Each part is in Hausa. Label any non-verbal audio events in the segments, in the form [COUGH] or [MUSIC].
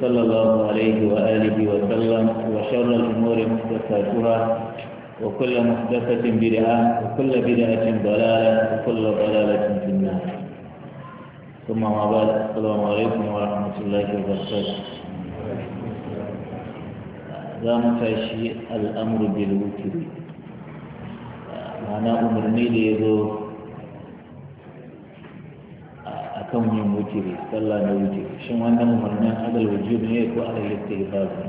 صلى الله عليه وآله وسلم وشر الأمور محدثاتها وكل محدثة بدعة وكل بدعة ضلالة وكل ضلالة في النار ثم ما بعد السلام عليكم ورحمة الله وبركاته زام تشي الأمر بالوتر معناه أمرني ليذو Kan yin wutiri sallah na wutiri shin wannan umarnin adal wajib ne ko adal istighfar ne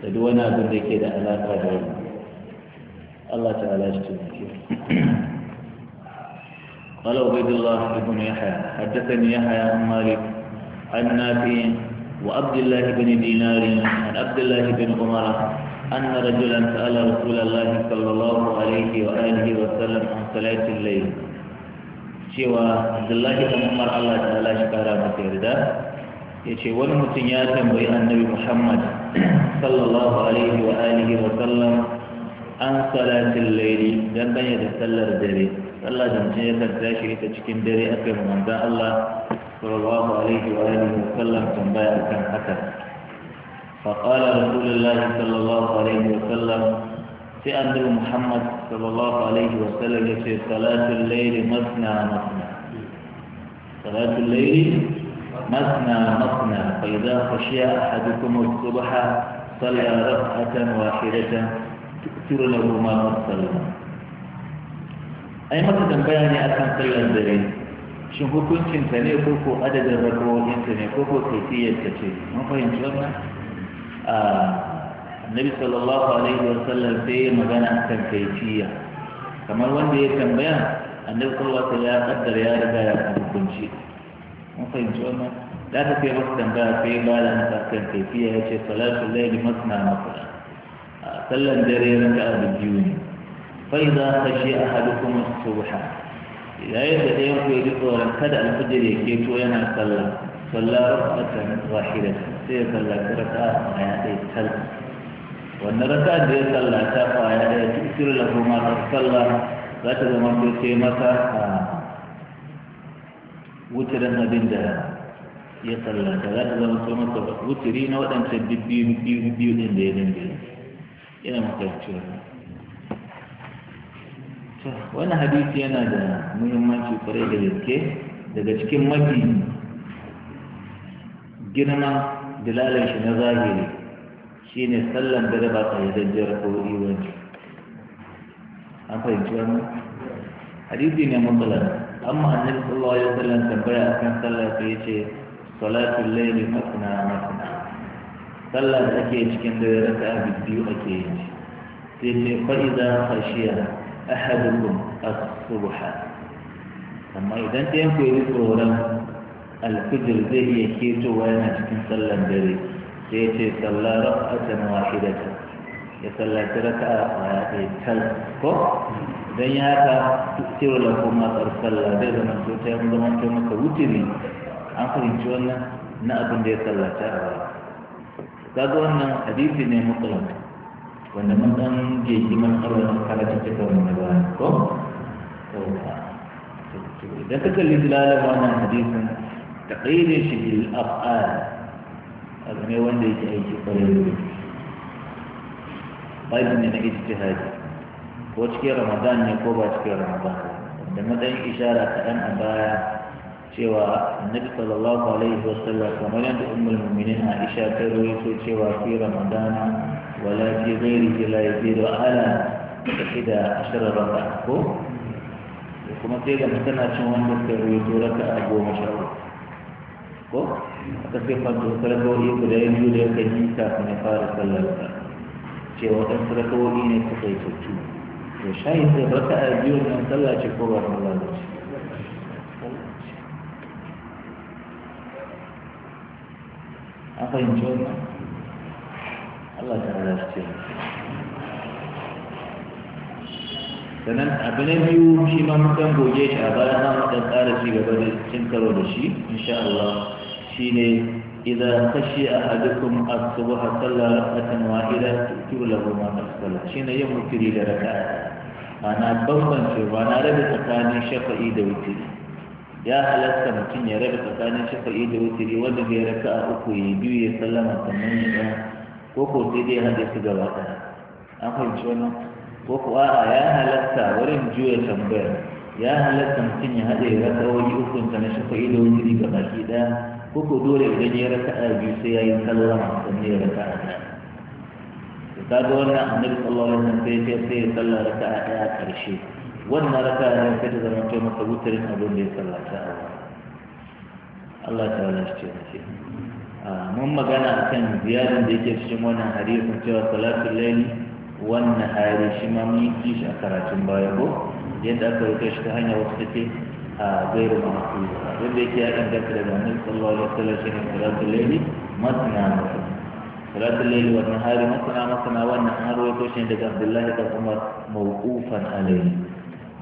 da duk wani abin da ke da alaka da wani Allah ta'ala shi tunake قال عبيد الله بن يحيى حدثني يحيى عن مالك عن نافع وعبد الله بن دينار عن عبد الله بن عمر أن رجلا سأل رسول الله صلى الله عليه وآله وسلم عن صلاة الليل cewa abdullahi bin umar allah ta ala shi kara masa yarda ya ce wani mutum ya tambayi annabi muhammad sallallahu alaihi wa alihi wa sallam an salatin don dangane da sallar dare sallar da mutum ya kan tashi ita cikin dare a yi manzan allah sallallahu alaihi wa alihi wa sallam tambaya akan haka فقال رسول الله صلى الله عليه في أندر محمد صلى الله عليه وسلم في صلاة الليل مثنى مثنى صلاة الليل مثنى مثنى فإذا خشي أحدكم الصبح صلى ركعة واحدة تكثر له ما صلى أي متى تنبيني أكن صلى الليل شنو كنت تنتني كوكو عدد الركوع ينتني كوكو كيفية كتير ما فهمت شو النبي صلى الله عليه وسلم في مجانا كان كيفية كما هو عندي كان بيان النبي صلى الله عليه وسلم قدر يا رجاء يكون شيء مفهم شو أنا لا تفي وقت كان بيان في بالا كان كيفية يا شيخ صلاة الليل مثنى مثلا سلم دري رجاء بديون فإذا خشي أحدكم الصبح إذا يجد يوم في الظهر كذا الفجر كيف وين صلى صلى ركعة واحدة سيصلى كركعة حياتي تلك wannan rasa da ya ta faya da ya cikin da kuma ta salla za ta zama ta ce masa a wutirin abin da ya ta za ta zama to masa wutiri na waɗancan biyu biyu ɗin da ya dangare yana makarci ta wani hadisi yana da muhimmanci kwarai da gaske daga cikin mafi girman dalalar shi na zahiri shi ne sallan dare ba ta yi dajjar ko iwanci an fahimci wani hadisi ne mutsalar amma annabi sallallahu alaihi wasallam tambaya akan sallah sai ce salatul layli masna masna sallah da ake cikin dare raka'a biyu ake yi sai ce fa idza khashiya ahadukum as-subha amma idan ɗayan ku yi tsoron alfijir zai iya ketowa yana cikin sallan dare sai ce sallah raf'atan wahidatan ya sallaci raka'a a ɗaya tal ko dan ya haka cewa lafi matsar sallah zai zama to ta yin zama to maka wutiri an fahimci wannan na abin da ya sallata a baya kaga wannan hadisi ne mutsalan wanda mun dan geji man arwani karatu cikin wannan baya ko idan ka kalli dilalar wannan hadisin taqayyade shi bil af'al abu ne wanda yake aiki kwarai ba babu ne na ijtihadi ko cikin ramadan ne ko ba cikin ramadan da matsayin ishara kaɗan a baya cewa annabi sallallahu alaihi wa sallam kamar yadda ummul mu'minin Aisha ta rawaito cewa fi ramadan wala fi ghairihi la yazidu ala ihda ashara raka'a ko kuma sai ga tana cin wanda ta raka a goma sha ko ta siffanta sarkawoyi guda biyu da ya yi kafin ya fara sallarsa cewa ɗan sarkawoyi ne su kai kyautu. to shayi sai raka a biyu nan sallah ce ko ba sallah ba ce an fahimci wannan Allah ta rada shi ce sannan abu na biyu shi ma mukan goge shi a bayan na mukan ƙara shi gaba da cin karo da shi insha Allah shine idza khashi ahadukum as-subha salla rak'atan wahida tu'tiru lahu ma qad shine yin mutiri da raka'a ana babban ba na rabe tsakanin shafa'i da wutiri ya halatta mutum ya rabe tsakanin shafa'i da wutiri wanda bai raka'a uku ya biyu ya sallama sannan ya ɗaya ko ko sai dai hada su gaba ɗaya an fahimci wannan ko ko a'a ya halatta wurin juya tambayar ya halatta mutum ya haɗe raka'a wani ukun na shafa'i da wutiri ga baki ɗaya ko ko dole idan ya raka a biyu sai ya yi sallama sannan ne raka a ɗaya ta ka ga wannan annabi sallallahu alaihi wasallam sai ya sai ya salla raka a ɗaya ƙarshe wannan raka a ɗaya sai ta zama kai masa wutarin abin da ya sallata a wani Allah ta wani shi ce mun magana akan ziyarar da yake cikin wannan hadisin cewa salatul laili wannan hari shi ma mun yi shi a karatun baya ko yadda aka rubuta shi ta hanyar wasu take آه، غير مقصود جب دیکھیے اگر جب صلی اللہ علیہ وسلم صلی اللہ علیہ وسلم صلی اللہ علیہ وسلم صلاة الليل والنهار مثنى مثنى والنهار وكوشين دك عبد الله دك عمر موقوفا عليه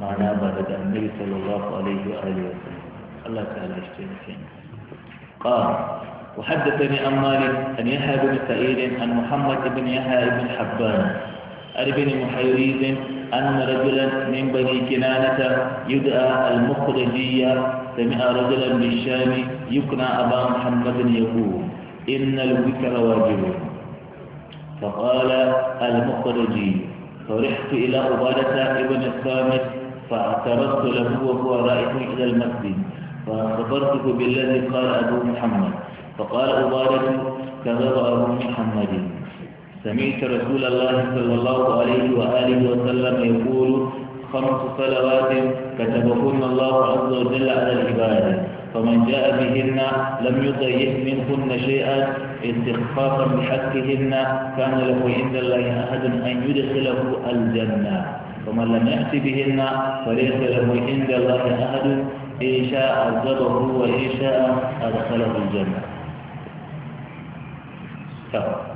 معنى بعد النبي صلى الله عليه وآله وسلم الله تعالى اشتين فينا قال وحدثني أمال أن يحيى بن سعيد عن محمد بن يحيى بن حبان أربين محيريز أن رجلا من بني كنانة يدعى المخرجية سمع رجلا بالشام يقنع أبا محمد يقول إن الوكر واجب فقال المخرجي فرحت إلى عبادة ابن الصامت فاعترضت له وهو رائح إلى المسجد فخبرته بالذي قال أبو محمد فقال عبادة كذب أبو محمد سمعت رسول الله صلى الله عليه وآله وسلم يقول خمس صلوات كتبهن الله عز وجل على العباد فمن جاء بهن لم يضيع منهن شيئا استخفافا بحقهن كان له عند الله أحد أن يدخله الجنة ومن لم يأت بهن فليس له عند الله أحد إن شاء عذبه وإن شاء أدخله الجنة. طيب.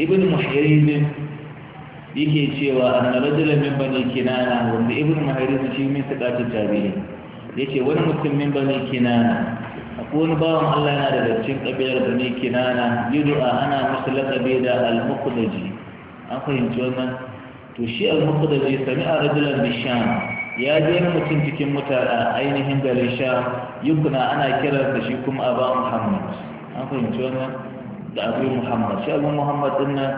ibn muhairizin yake cewa anna rajulan min bani kinana wanda ibn muhairizin shi min sakatu tabi'i yace wani mutum min bani kinana akwai wani bawan Allah yana daga cikin kabilar bani kinana yud'a ana masu laqabi da al-muqdaji an fahimci wannan to shi al sami sami'a rajulan bi ya je mutum cikin mutara ainihin garin sham yukuna ana da shi kuma a ba muhammad an fahimci wannan da abu muhammad shi abu muhammad din nan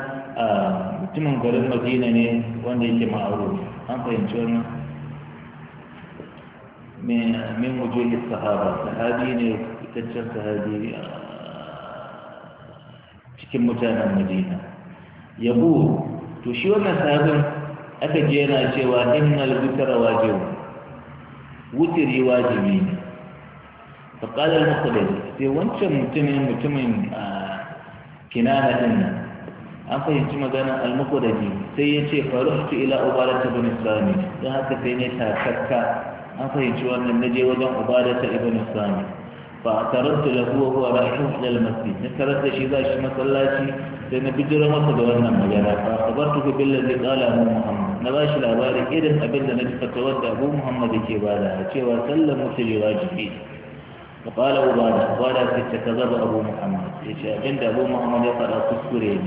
mutumin garin madina ne wanda yake ma'aru an fahimci wannan min wujuhi sahaba sahabi ne fitaccen sahabi cikin mutanen madina yabo to shi wannan sahabin aka je yana cewa innal wutara wajibu wutiri wajibi ne فقال المخبر sai wancan mutumin mutumin a kinanatin an fahimci maganar almukudaji sai ya ce faruhtu ila ubadata ibn sami don haka sai ne takakka an fahimci wannan na je wajen ubadata ibn sami fa atarabtu lahu wa huwa rahihu ila almasjid na shi da shi masallaci sai na bijira masa da wannan magana fa akhbartu bil ladhi qala mu muhammad na bashi labarin irin abin da na ji fatawar da abu muhammad yake bada cewa sallamu fi wajibi فقال وبعد قال في التكذب أبو محمد إيش عند أبو محمد يقرا كسكرين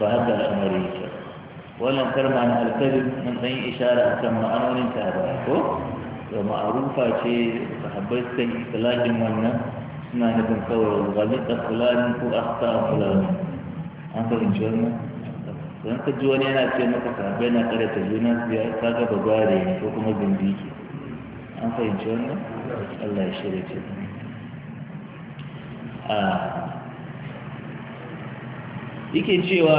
بهذا الأمريكا ولم ترمى أن الكذب من أي إشارة كما أنا ولن تعرفه ومعروفة شيء فحبيت كي إطلاق المنى ما نبن قول الغلطة فلان وأخطاء فلان أنت إنجرنا dan kejuan yang nak cium aku tak boleh nak ada terjunas dia kagak berbaring, aku kena bimbing. Apa yang cium? Allah syurga. a yake cewa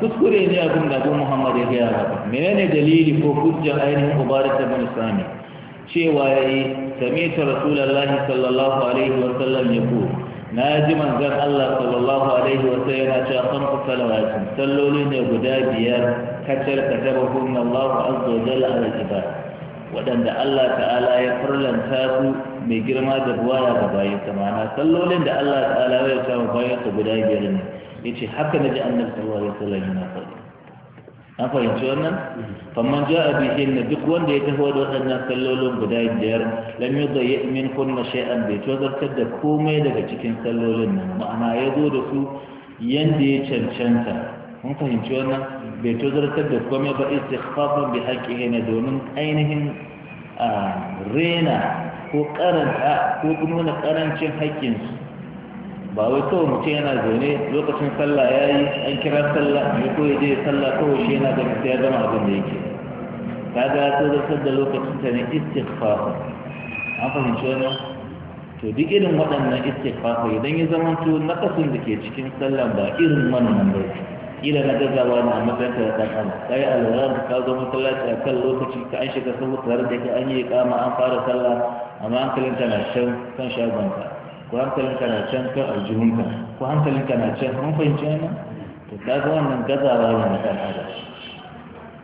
kuskure ne abin da abin muhammadu ya gaya ba menene dalili ko hujjar ainihin ubari ta bin sami cewa ya yi sami ta rasulallahi sallallahu alaihi wasallam ya ku na ya ji manzan allah sallallahu alaihi wasallam yana cewa kan da wasu, salloli ne guda biyar kacal kacal hukumar allah azza wa jalla ala ibada waɗanda Allah ta'ala ya farlanta su mai girma da buwaya ga bayan samana sallolin da Allah ta'ala ya samu bayan su guda biyar ne ya ce haka na ji annabi ya sallar yi na faɗi an fahimci wannan faman ja a bihin na duk wanda ya taho wadda waɗannan sallolin guda biyar lam yi zai min kunna shay'an bai tozartar da komai daga cikin sallolin nan ma'ana ya zo da su yadda ya cancanta mun fahimci wannan bai tozartar da kome ba istighfafan bi haƙƙi ne domin ainihin a rena ko karanta ko nuna karancin haƙƙinsu ba wai kawai mutum yana zaune lokacin sallah ya yi an kira sallah mai koyi ya je sallah kawai shi yana ganin sai ya gama abin da yake ga ya tozartar da lokacin ta ne istikfafa an fahimci wannan to duk irin waɗannan istikfafa idan ya zama to nakasin da ke cikin sallah ba irin wannan ba kila na gaggawa na makaranta da ɗan ana ka yi alwala ka zo masallaci a kan lokaci ka an shiga saboda tare da ke an yi kama an fara sallah amma hankalinka na can kan shagonka ko hankalinka na can kan aljihunka ko hankalinka na can mun fahimci wannan to ka ga wannan gazawa ne na ɗan adam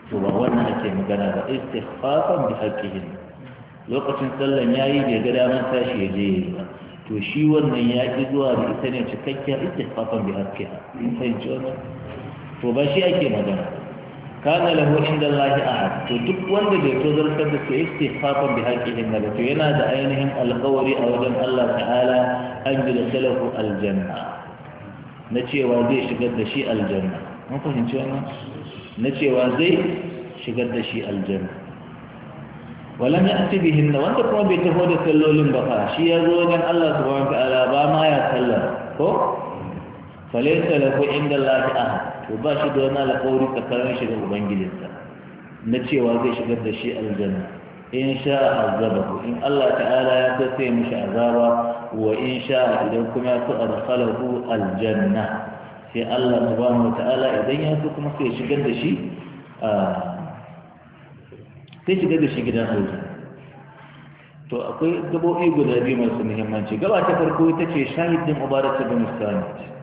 to ba wannan ake magana ba istighfafan bi haqqihin lokacin sallan yayi bai ga daman tashi ya je yayi ba to shi wannan ya ki zuwa da ita ne cikakken istighfafan bi haqqiha mun fahimci wannan to ba shi ake magana kana lahu inda Allahi ahad to duk wanda bai to zartar da su istifafan bi haƙƙihin da to yana da ainihin alƙawari a wajen Allah ta'ala an bi da salahu aljanna na cewa zai shigar da shi aljanna mun fahimci wannan na cewa zai shigar da shi aljanna walam ya'ti bihinna wanda kuma bai taho da sallolin ba fa shi ya zo wajen Allah subhanahu wa ta'ala ba ma ya sallar ko falaysa lahu inda Allahi ahad ko ba shi da wani alƙawari tsakanin shi da ubangijinsa na cewa zai shigar da shi aljanna in sha azaba ko in Allah ta'ala ya tsaye mishi azaba wa in sha idan kuma ya so adkhalahu aljanna sai Allah subhanahu wa ta'ala idan ya so kuma sai shigar da shi sai shigar da shi gidan aljanna to akwai gabobi guda biyu masu muhimmanci gaba ta farko ita ce shahidin ubarata bin musamman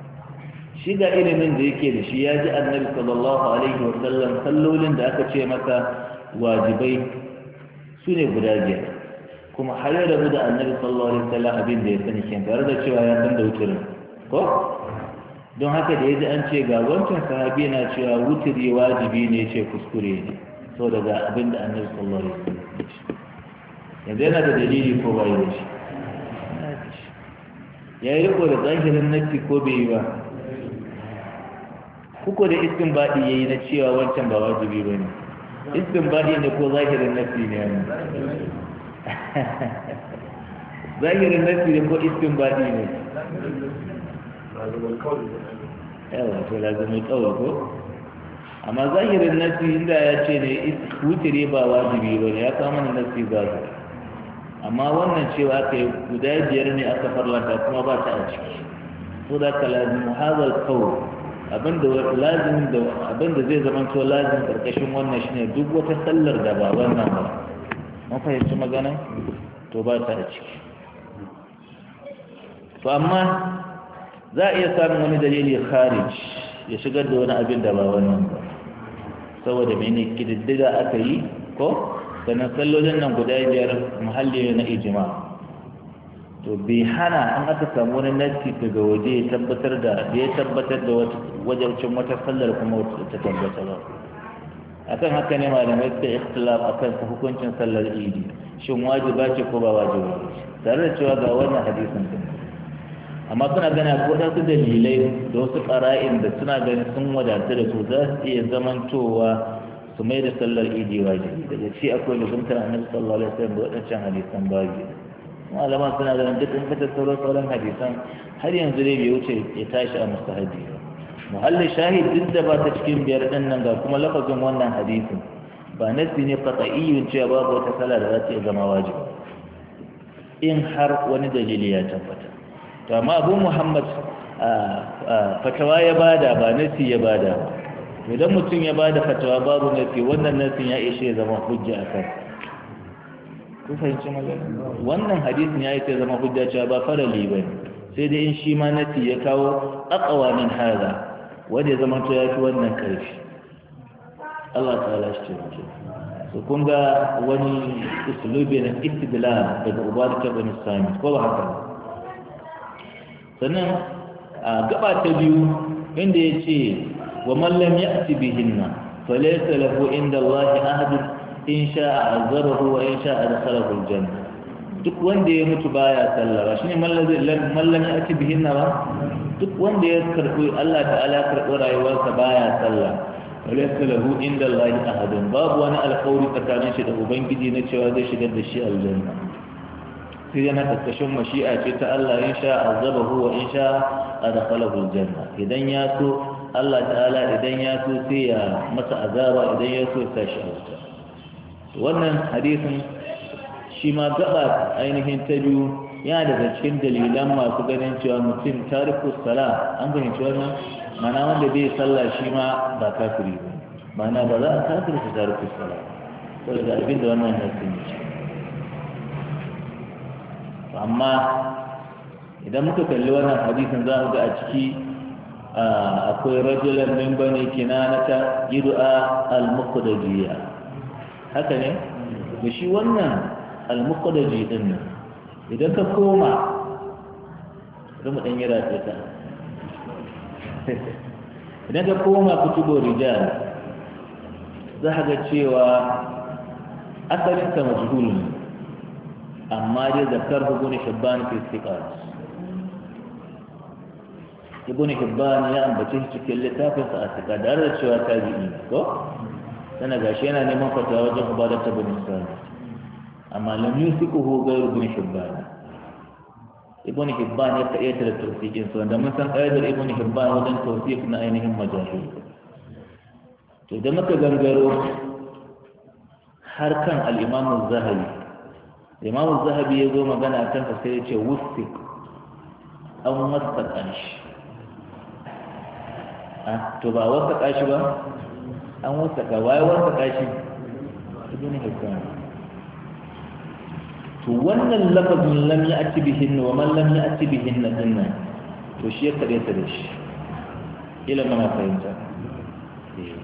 shi ga ilimin da yake da shi ya ji annabi sallallahu alaihi wa sallam sallolin da aka ce maka wajibai su ne guda biyar kuma har ya rabu da annabi sallallahu alaihi wa sallam abin da ya sani kyan tare da cewa ya san da wutirin ko don haka da ya ji an ce ga wancan sahabi na cewa wutiri wajibi ne ce kuskure ne so daga abin da annabi sallallahu alaihi wa sallam yanzu yana da dalili ko bai da shi ya yi riko da zahirin nafi ko bai yi ba kuko da istin baɗi ya yi na cewa wancan ba wajibi ba ne istin baɗi ne ko zahirin nafi ne ne [LAUGHS] zahirin nafi ne ko istin baɗi ne yawa to lazumin kawai ko amma zahirin nafi inda ya ce ne wutire ba wajibi ba ne ya kama da nasi ba su amma wannan cewa aka yi guda biyar ne aka farlanta kuma ba ta a ciki so da ka lazim hazar kawo abinda da zai zama to lazim karkashin wannan shine duk wata sallar da ba wannan ba mun fahimci magana to ba ta ciki to amma za a iya samun wani dalili kharij ya shigar da wani abin da ba wannan ba saboda mene kididdiga aka yi ko sannan sallolin nan guda biyar muhalli na ijma'a to bai hana an aka samu wani nasi daga waje ya tabbatar da ya tabbatar da wajen wata sallar kuma ta tabbata ba akan haka ne malamai suka ikhtilaf akan hukuncin sallar idi shin wajiba ce ko ba wajiba tare da cewa ga wannan hadisin din amma suna gana ko da su dalilai da wasu qara'in da suna gani sun wadata da su za su iya zamantowa su mai da sallar idi wajibi daga ci akwai lubuntar annabi sallallahu alaihi wasallam da wadancan hadisan babu malaman suna ganin duk in ka tattaro sauran hadisan har yanzu dai bai wuce ya tashi a mustahabi muhalli shahid duk da ba ta cikin biyar din nan ga kuma lafazin wannan hadisin ba nasi ne qat'iyyun cewa babu wata sala da za ta zama wajibi in har wani dalili ya tabbata to amma abu muhammad fatawa ya bada ba nasi ya bada idan mutum ya bada fatawa babu nasi wannan nasin ya ishe zama hujja akan kun fahimci magana wannan hadisin ya yi ta zama hujja cewa ba farali ba sai dai in shi ma nasi ya kawo aqwa min hadha wanda ya zama to ya fi wannan karfi Allah ta'ala shi ce so kun ga wani usulubi na istidlal daga ubar ta bani sami ko ba haka sannan a gaba ta biyu inda ya ce wa man lam ya'ti bihinna falaysa lahu inda Allah ahadun in sha'a azzarahu wa in sha'a dakhalahu aljanna duk wanda ya mutu baya sallah ba shine mallazi mallam ya ati bihin ba duk wanda ya karbi Allah ta'ala karbi rayuwarsa baya sallah walaysa lahu inda Allah ahadun babu wani alƙawari tsakanin shi da ubangiji na cewa zai shigar da shi aljanna sai yana kakkashin mashi'a ce ta Allah in sha azabahu wa in sha adkhalahu aljanna idan ya so Allah ta'ala idan ya so sai ya masa azaba idan ya so sai shi aljanna wannan hadisin shi ma gaba ainihin ta biyu ya daga cikin dalilan masu ganin cewa mutum tariku sala an fahimci wannan mana wanda bai sallah shi ma ba kafiri ba mana ba za a su tariku sala saboda abin da wannan nasin ya ce amma idan muka kalli wannan hadisin za mu ga a ciki akwai rajulan min bani kinanata gid'a al-muqdadiyya haka ne da shi wannan almukadaji din nan idan ka koma da mu dan yi rafe ta [LAUGHS] idan ka koma ku tubo rijal za ka ga cewa asalin ta majhul ne amma dai zakar ibn hibban ke istiqaz ibn hibban ya ambace cikin littafin sa a da cewa tabi'i ko sana shi yana neman fatawa wajen ubadar ta bin sami amma lam yusikuhu ghayru bin hibban ibn hibban ya kaita da tawfiqin sa da mun san qaidar ibn hibban wajen tawfiq na ainihin majahil to da muka gangaro har kan al-imam az-zahabi imam az-zahabi ya zo magana kan sa sai ya ce wusiq an wasa kanshi ah, to ba wasa kashi ba an wasaka waye wasaka shi ibn hibban to wannan lafazin lam ya'ti bihin wa man lam ya'ti bihin na dinna to shi ya kare ta da shi ila mana fahimta eh.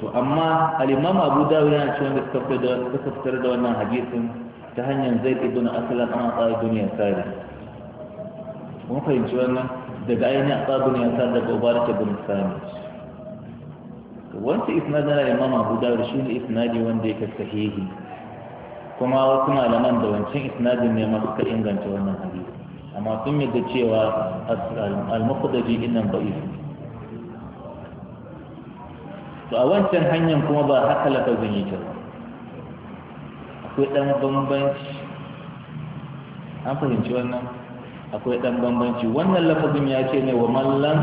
to amma al-imam Abu Dawud yana cewa da suka da suka da wannan hadisin ta hanyar Zaid ibn Aslam an ta duniya sai mun fahimci wannan daga ainihin asabun ya sa daga ubarat ibn sami wancan isnadin da imam abu dawud shi ne isnadi wanda ya yake sahihi kuma wasu malaman da wancan isnadin ne masu ka inganta wannan hadisi amma sun yadda cewa al-muqdaji innan ba'if to a wancan hanyar kuma ba haka lafazin yake akwai dan bambanci an fahimci wannan akwai dan bambanci wannan lafazin ya ce ne wa mallam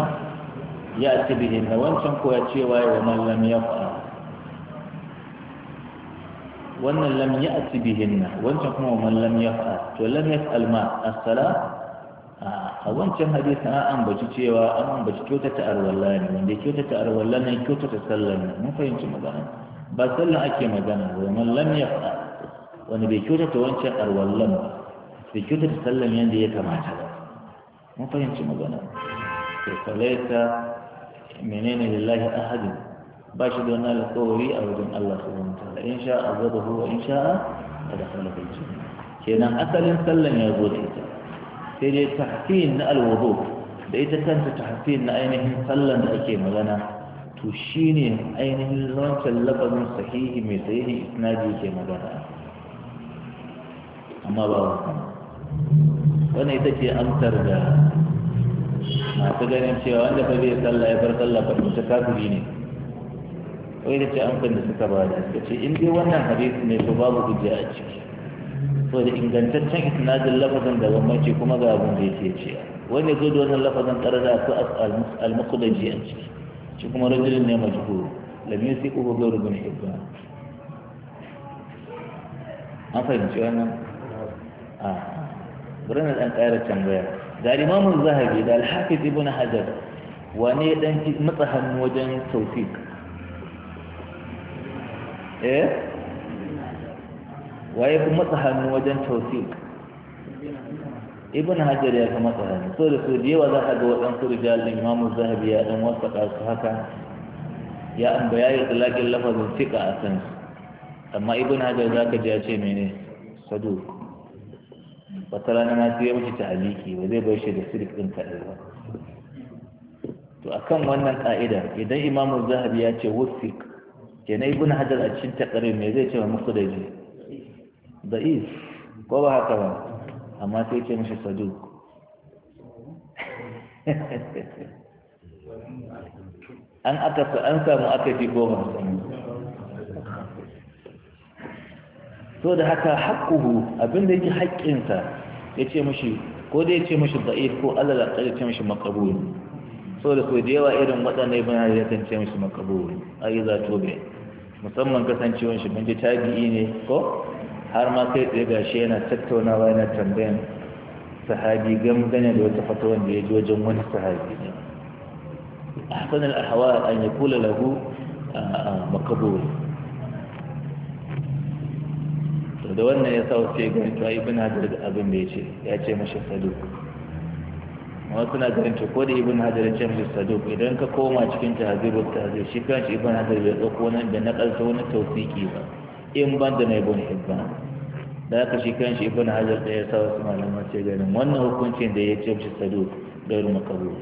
ya ci bihin na wancan ko ya ce waye wa mallam ya fa'a wannan lam ya ci bihin na wancan kuma wa mallam ya fa'a to lam ya alma asala a wancan hadisi an ambaci cewa an ambaci kyautata arwalla ne wanda kyautata arwalla ne kyautata sallan ne mun fahimci magana ba sallan ake magana wa mallam ya fa'a wani bai kyautata wancan arwallan ba bai kyauta ta sallan yadda ya kamata ba mun fahimci magana sai falaita menene lillahi ahadin ba shi da wani alƙawari a wajen Allah subhanahu wataala in sha'a azabahu wa in sha'a adkhala bil janna kenan asalin sallan ya zo da ita sai dai tahsin na alwudu da ita kanta tahsin na ainihin sallan da ake magana to shi ne ainihin wancan labarin sahihi mai sahihin isnadi ke magana amma ba wannan wannan ita ce amsar da masu ganin cewa wanda fa bai sallah ya bar sallah ba mutum kafiri ne wai da ce amsar da suka ba da suka ce in dai wannan hadisi ne to babu hujja a ciki so da ingantaccen isnadin lafazin da gwamnati kuma ga abin da yake ce wani zo da wannan lafazin tare da su almakudanci a ciki shi kuma rajulun ne majhul lam yusiquhu ghayru ibn ibba an fahimci wannan a ah. bari na dan ƙara tambaya da imamun zahabi da alhafiz ibn hajar wane dan matsa hannu wajen tawfiq eh waye kuma matsa hannu wajen tawfiq ibn hajar ya fi matsa hannu so da so da yawa za ka ga waɗansu rijal din imamun zahabi ya dan wasaka su haka ya an bayani tsalakin lafazin fiqa a san amma ibn hajar za ka ji ya ce mene saduq wata rana na sai ya ta aliki ba zai bar shi da sirik ɗin kaɗai ba to akan wannan ka'ida idan imamu zahabi ya ce wusik kenan ibn hajar a cikin takarir me zai ce wa musu da ji is ko ba haka ba amma sai ce mashi sadu an aka an samu aka fi goma so da haka haƙƙuhu abinda yake haƙƙinsa ya ce mashi ko dai ya ce mashi da'if ko Allah da ya ce mashi makabul so da yawa irin waɗanda bana Hajar ya kan ce mashi makabul ai za to be musamman kasancewar shi mun ji tabi'i ne ko har ma kai tsaye gashi yana tattaunawa yana tambayan sahabi gangana da wata fata wanda ya ji wajen wani sahabi ne ahsan a hawa an kula lahu makabul da wannan ya sai gani to ibn hajar da abin da ya ce ya ce mashi sadu amma suna ganin to ko da ibn hajar ya ce mashi sadu idan ka koma cikin tahzirul tahzir shi shi ibn hajar bai dauko nan, da na kalta wani tausiki ba in ban da na ibn hibban da haka shi shi ibn hajar da ya sa wasu malaman ce ganin wannan hukuncin da ya ce mashi saduk gairu makabul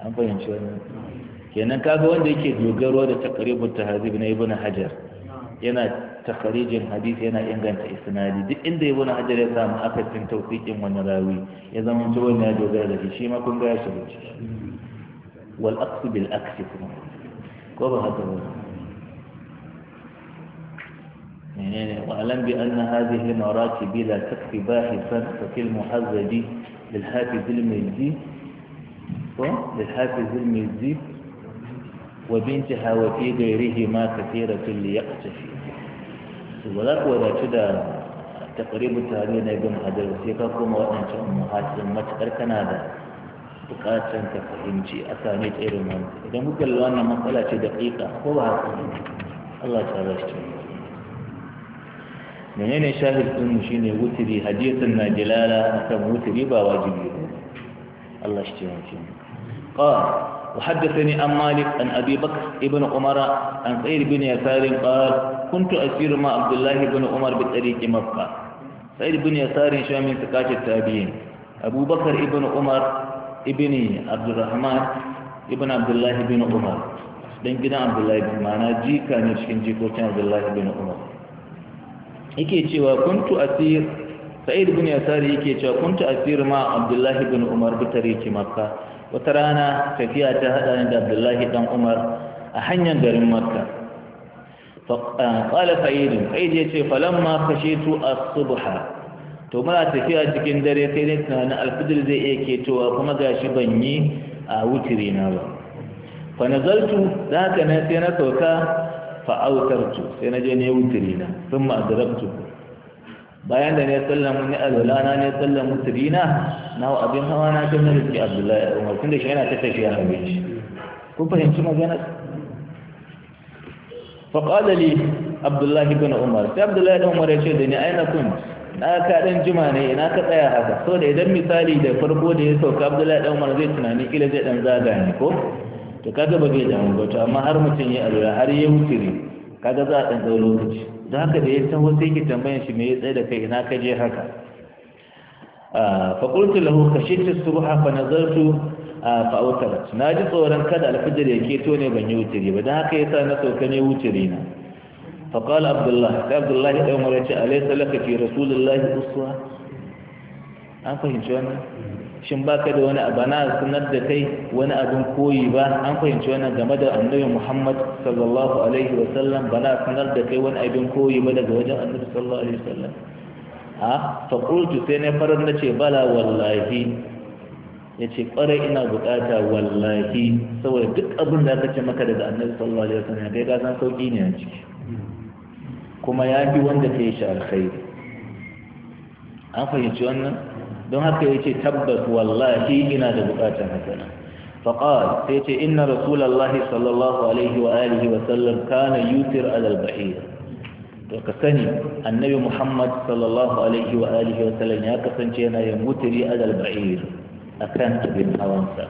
an fahimci wannan kenan kaga wanda yake dogaro da taqribut tahzib na ibn hajar yana takarijin hadisi yana inganta isnadi duk inda ibn hajar ya samu aka cin tawfiqin wani rawi ya zama to wani ya dogara da shi ma kun ga shi shiga wal aqs bil aqs kuma ko ba haka ba menene wa alam bi anna hadhihi maratib la takfi bahisan fa fil muhazzadi lil hafiz al mizzi ko lil hafiz al mizzi وبنتها وفي غيرهما كثيرة ليقتفي ولك وذاك دا تقريب تارينا ابن هذا الوثيقكم وأن شأن مهات المت أركنا دا بقاتا تفهمتي أثانيت إرمان إذا ممكن لو أن مقالة دقيقة هو هكذا الله تعالى اشتري من هنا شاهد كل مشين يوتري حديث النجلالة كم يوتري بواجبه الله اشتري قال وحدثني عن مالك عن أبي بكر ابن عمر عن سعيد بن يسار قال كنت أسير مع عبد الله بن عمر بطريق مكة سعيد بن يسار شام من سكاك التابعين أبو بكر ابن عمر ابن عبد الرحمن ابن عبد الله بن عمر dan gidan Abdullahi bin mana jika ne cikin jikokin Abdullahi bin Umar yake cewa kuntu asir Sa'id bin Yasari yake cewa kuntu asir ma Abdullahi bin Umar bi tariki Makka wata rana tafiya ta hada ni da abdullahi dan umar a hanyar garin makka qala fa'idu sa'id ya ce falamma tu a subha to muna tafiya cikin dare sai ne tunanin alfijir zai iya ketowa kuma gashi ban yi a wutiri na ba fa za ka na sai na sauka fa autartu sai na je ne wutiri na sun ma bayan da ne mun ni alwala na ne mun sirina na abin hawa na ta na rufi abdullahi a umar tun da shi yana ta tafiya a bai kun fahimci magana faƙada li abdullahi bin umar sai abdullahi bin umar ya ce da ni aina kun na ka ɗan jima ne na ka tsaya haka so da idan misali da farko da ya sauka abdullahi bin umar zai tunani kila zai ɗan zaga ne ko to kaga ba zai damu ba to amma har mutum ya alwala har ya wuce ne kaga za a ɗan ɗau lokaci da haka da ya taho sai ki tambayan shi me ya tsaye da kai ina ka je haka fa qultu lahu khashita subha fa nazartu fa awtarat na ji tsoron kada alfajir ya keto ne ban yi wuturi ba da haka ya sa na sauka ne wuturi na fa qala abdullah sai abdullah ya umar alaysa uswa an fahimci wannan shin ba ka da wani abu na sanar da kai wani abin koyi ba an fahimci wannan game da annabi muhammad sallallahu alaihi wasallam ba na sanar da kai wani abin koyi ba daga wajen annabi sallallahu alaihi wasallam a faƙultu sai na farar na ce bala wallahi ya ce ƙwarai ina buƙata wallahi saboda duk abin da aka ce maka daga annabi sallallahu alaihi wasallam kai ka san sauƙi ne a ciki kuma ya bi wanda ke shi alkhairi an fahimci wannan don haka ya ce tabbas wallahi ina da bukatar haka nan faƙal sai ce inna rasulallahi sallallahu alaihi wa alihi wa sallam kana yutir alal bahir to ka annabi muhammad sallallahu alaihi wa alihi wa sallam ya kasance yana yin mutiri alal bahir akan abin hawansa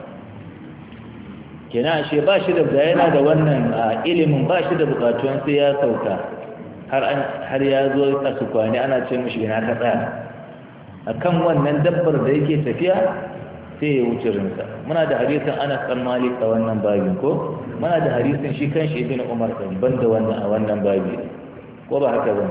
kenan ashe ba shi da yana da wannan ilimin ba shi da bukatuwan sai ya sauka har ya zo a sukwani ana ce mishi ina ka tsaya akan wannan dabbar da yake tafiya sai ya wuce rinsa muna da hadisin Anas dan Malik a wannan babin ko muna da hadisin shi kan shi Ibn Umar din banda wannan a wannan babi ko ba haka ba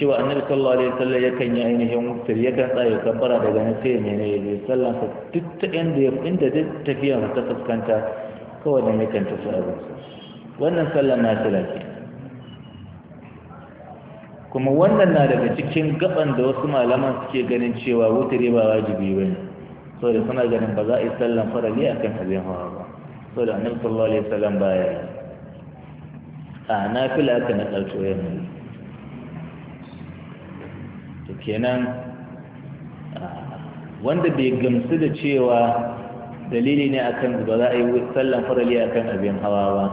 cewa annabi sallallahu alaihi wasallam yakan yi ainihin ya yakan tsaya fara daga nan sai ne ne ya sallan sa duk ta inda ya inda duk tafiya ta fuskanta kawai ne yakan tafi abin wannan sallan na salati kuma wannan na daga cikin gaban da wasu malaman suke ganin cewa wutare ba wajibi ba ne da suna ganin ba za a yi sallan farali a kan abin hawa ba da annabi sallallahu alaihi wasallam baya yi a nafila laka na ƙarshe yamma to kenan wanda bai gamsu da cewa dalili ne akan ba za a yi sallan farali akan abin hawa ba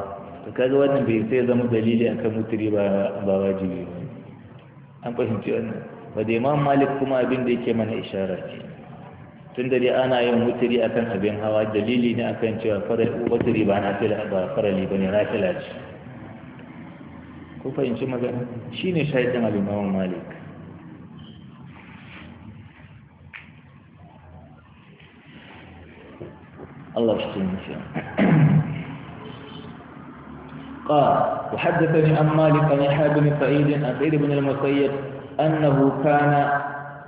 to kaga wannan bai sai zama dalili akan wuturi ba wajibi ba an fahimci wannan ba da imam malik kuma abin da yake mana ishara ce tun da dai ana yin wuturi akan abin hawa dalili ne akan cewa wuturi ba na fila ba farali ba ne rafila ce ko fahimci magana shi ne shaidin abin malik Allah shi tun قال وحدثني عن مالك عن يحيى بن سعيد عن سعيد بن المسيب أنه كان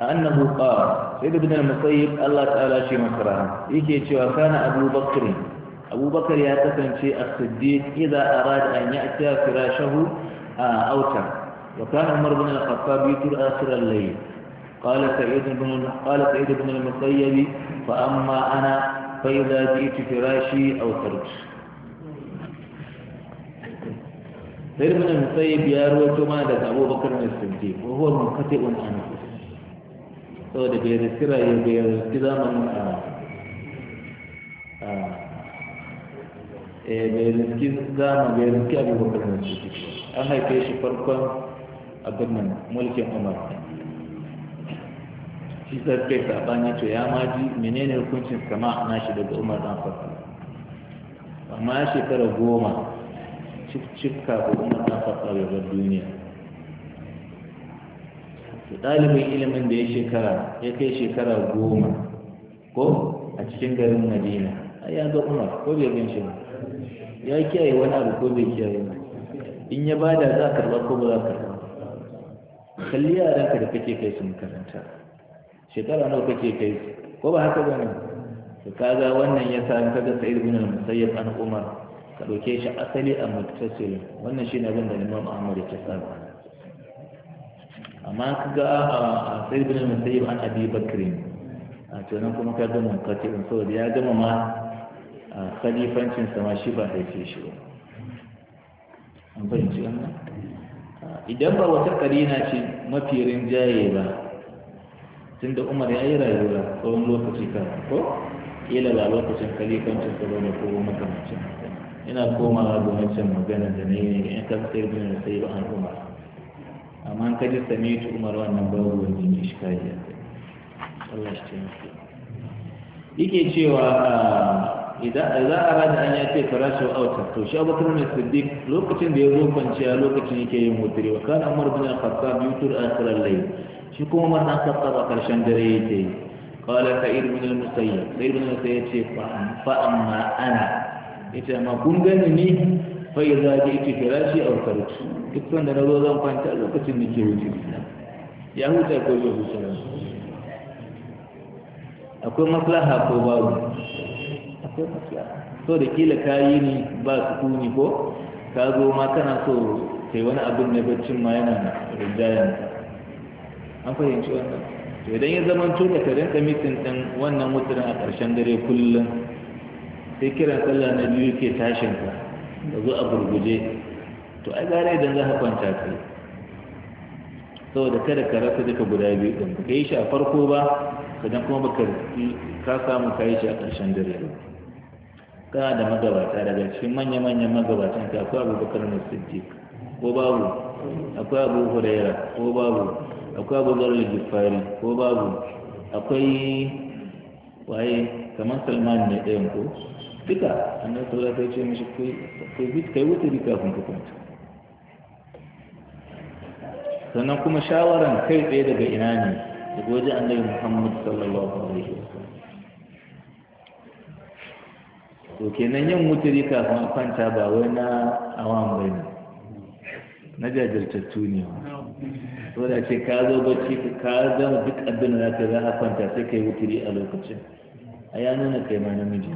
أنه قال سعيد بن المسيب الله تعالى شي مكرها يجي cewa كان أبو بكر أبو بكر يعتقد kasance الصديق إذا أراد أن يأتي فراشه آه، أوتر وكان عمر بن الخطاب يتر آخر الليل قال سعيد بن قال سعيد بن المسيب فأما أنا فإذا جئت فراشي أوترت sai mun an sai biya ruwato ma da Abu Bakar ne sunti ko huwa ana. an da bai yin da bai riski mun a ah. eh bai riski zaman bai riski Abu Bakar ne sunti an haife shi farkon abin nan mulkin Umar shi ta sabani to ya ma ji menene hukuncin sama na shi daga Umar dan farko amma shekara goma cif kafin umar na faɗa wajen duniya ɗalibin ilimin da ya shekara ya kai shekara goma ko a cikin garin madina a ya ga umar ko bai gan shi ba ya kiyaye wani abu ko bai kiyaye ba in ya bada za a karɓa ko ba za a karɓa kalli ka da kake kai su makaranta shekara nawa kake kai ko ba haka ba ne ka ga wannan ya sa kaga sa'id bin al-musayyab an umar ka ɗauke shi asali a mutasirin wannan shi ne abin neman limam ahmad ya saba amma ka ga a sai bin musayyib an abi bakri a tunan kuma ka gama kati in saboda ya gama ma a sa ma shi ba haife shi ba an fahimci wannan idan ba wata karina ce mafi jaye ba tunda umar ya yi rayuwa tsawon lokaci kan ko kila ba lokacin kalifancin sa ba ne ko makamancin ina komawa ga can magana da na yi ne in tafsir bin ba an Umar amma ka ji sami ta Umar wannan babu wani iskari a kai Allah shi taimake yake cewa ah, idan za a rada an ya ce wa auta to shi abubakar ne siddiq lokacin da ya zo kwanciya lokacin yake yin mutri wa kana umar bin al-khattab yutur akhir al-layl shi kuma umar dan khattab a karshen dare yake qala sa'id bin al-musayyib sa'id bin al-musayyib ce fa amma ana ita ma kun gani ni fa idza ji'tu firashi a karatu duk wanda na zo zan kwanta lokacin da ke wuce ya huta ko ya huta akwai maslaha ko babu akwai maslaha so da kila ka yi ni ba su kuni ko ka zo ma kana so kai wani abin na baccin ma yana rinjayen an fahimci wannan to idan ya zama to ka rinka mitin din wannan mutum a ƙarshen dare kullum sai kira sallah na biyu ke tashin ka da zo a burguje to ai gare idan za ka kwanta kai saboda kada ka rasa duka guda biyu ɗin ba ka yi shi a farko ba sannan kuma ba ka samu ka yi shi a ƙarshen dare ba kana da magabata daga cikin manya-manyan magabatan ka akwai abubakar na siddiq ko babu akwai abu huraira ko babu akwai abu zarar jifari ko babu akwai waye kamar salman ne ɗayan ko duka annabi sallallahu alaihi ce mishi kai kai wuturi kafin ka sannan kuma shawaran kai tsaye daga ina ne daga wajen annabi Muhammad sallallahu alaihi sallam. to kenan yin wuturi kafin a kwanta ba wai na awan bane na jajirtattu ne to da ce ka zo bacci ka zama duk abin da za ka za a kwanta sai yi wuturi a lokacin a ya nuna kai ma namiji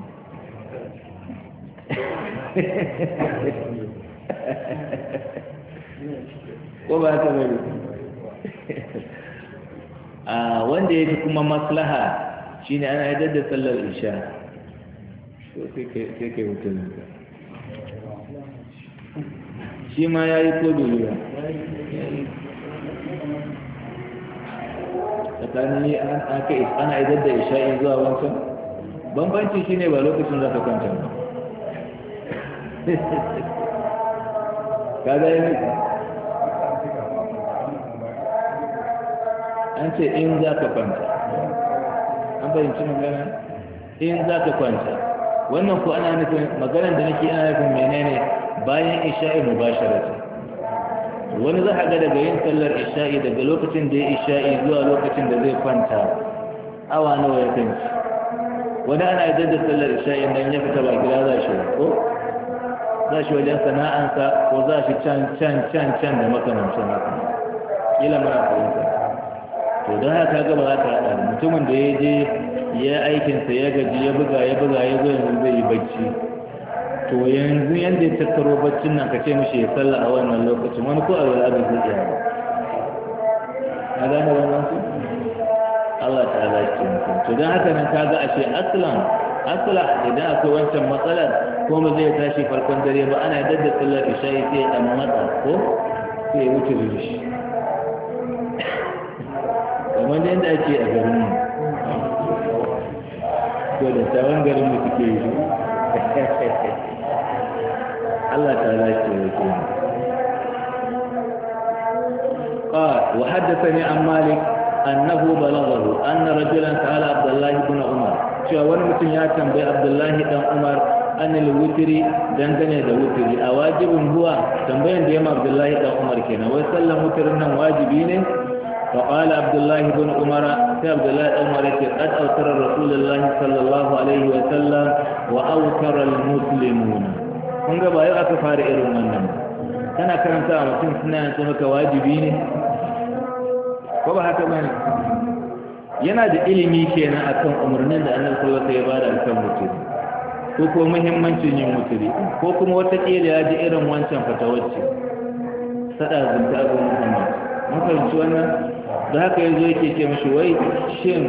ko ba ta bari a wanda ya fi kuma maslaha shine ana haidar da sallar isha sai kai mutum shi ma ya yi ko duniya tsakanin ana haidar da isha'in zuwa wancan bambanci shine ba lokacin za ka kwanta ba [LAUGHS] kaga yi an ce in za ka kwanta an fahimci magana in za ka kwanta wannan ku ana nufin maganar da nake ana nufin menene bayan isha'i mu mubasharatu wani za a ga daga yin sallar isha'i daga lokacin da ya isha'i zuwa lokacin da zai kwanta awa nawa ya kanci wani ana jaddada sallar isha'i nan ya fita ba gida za shi ko za shi wajen sana'ansa ko za shi can can can can da makamancin haka kila mara kuwa to don haka ga ba za ta haɗa da mutumin da ya je ya aikinsa ya gaji ya buga ya buga ya zo yanzu zai yi bacci to yanzu yadda ya tattaro baccin nan ka ce mishi ya salla a wannan lokacin wani ko a wani abin zai iya ba a zama wannan su Allah ta halarci mutum to don haka nan ka ga ashe aslan asala idan akwai wancan matsalar ko mu zai tashi farkon dare ba ana yadda da tsallar isha'i sai dan matsa ko sai wuce da shi kamar yadda ake a garin mu ko da tsawon garin mu suke yi Allah ta lafiya yake قال وحدثني عن مالك أنه بلغه أن رجلا سأل عبد الله بن عمر cewa wani mutum ya tambayi abdullahi dan umar anil wutiri dangane da wutiri a wajibin huwa tambayan da ya abdullahi dan umar kenan wai sallan wutirin nan wajibi ne فقال عبد الله بن عمر عبد الله بن عمر قد أوتر رسول الله صلى الله عليه وسلم وأوتر المسلمون kun ga ba yau aka fara irin wannan kana karanta a mutum suna yanzu maka wajibi ne ko ba haka bane yana da ilimi kenan akan umarnin da annabi sallallahu alaihi wasallam ya bada akan mutune ko ko muhimmancin yin mutune ko kuma wata kila ya ji irin wancan fatawacce sada zunta abu muhammad mun fahimci wannan da haka yanzu yake ce mashi wai shin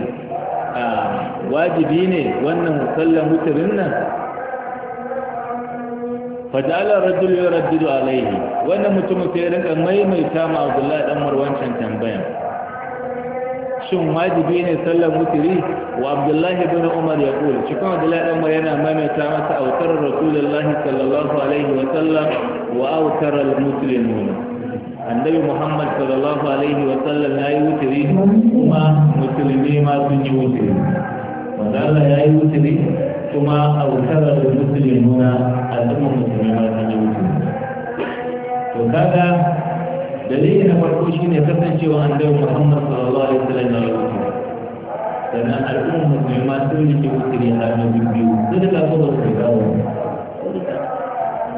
wajibi ne wannan sallan mutum nan faja'ala rajul yuraddidu alaihi wannan mutumin sai rinka maimaita ma Abdullahi dan Marwancan tambayan shin wajibi ne sallar mutiri wa abdullahi bin umar ya kula cikin abdullahi umar yana maimaita masa autar rasulullahi sallallahu alaihi wa sallam wa autar al annabi muhammad sallallahu alaihi wa sallam ya yi mutiri kuma musulmi ma sun yi mutiri wanda allah ya mutiri kuma autar al-muslimuna musulmi ma sun yi mutiri to kaga dalili na farko shi ne kasancewa an dai muhammad sallallahu alaihi wasallam na rubutu sannan al'ummar musulmi ma sun rike wuturi a ranar biyu su da kafa ba su riga wa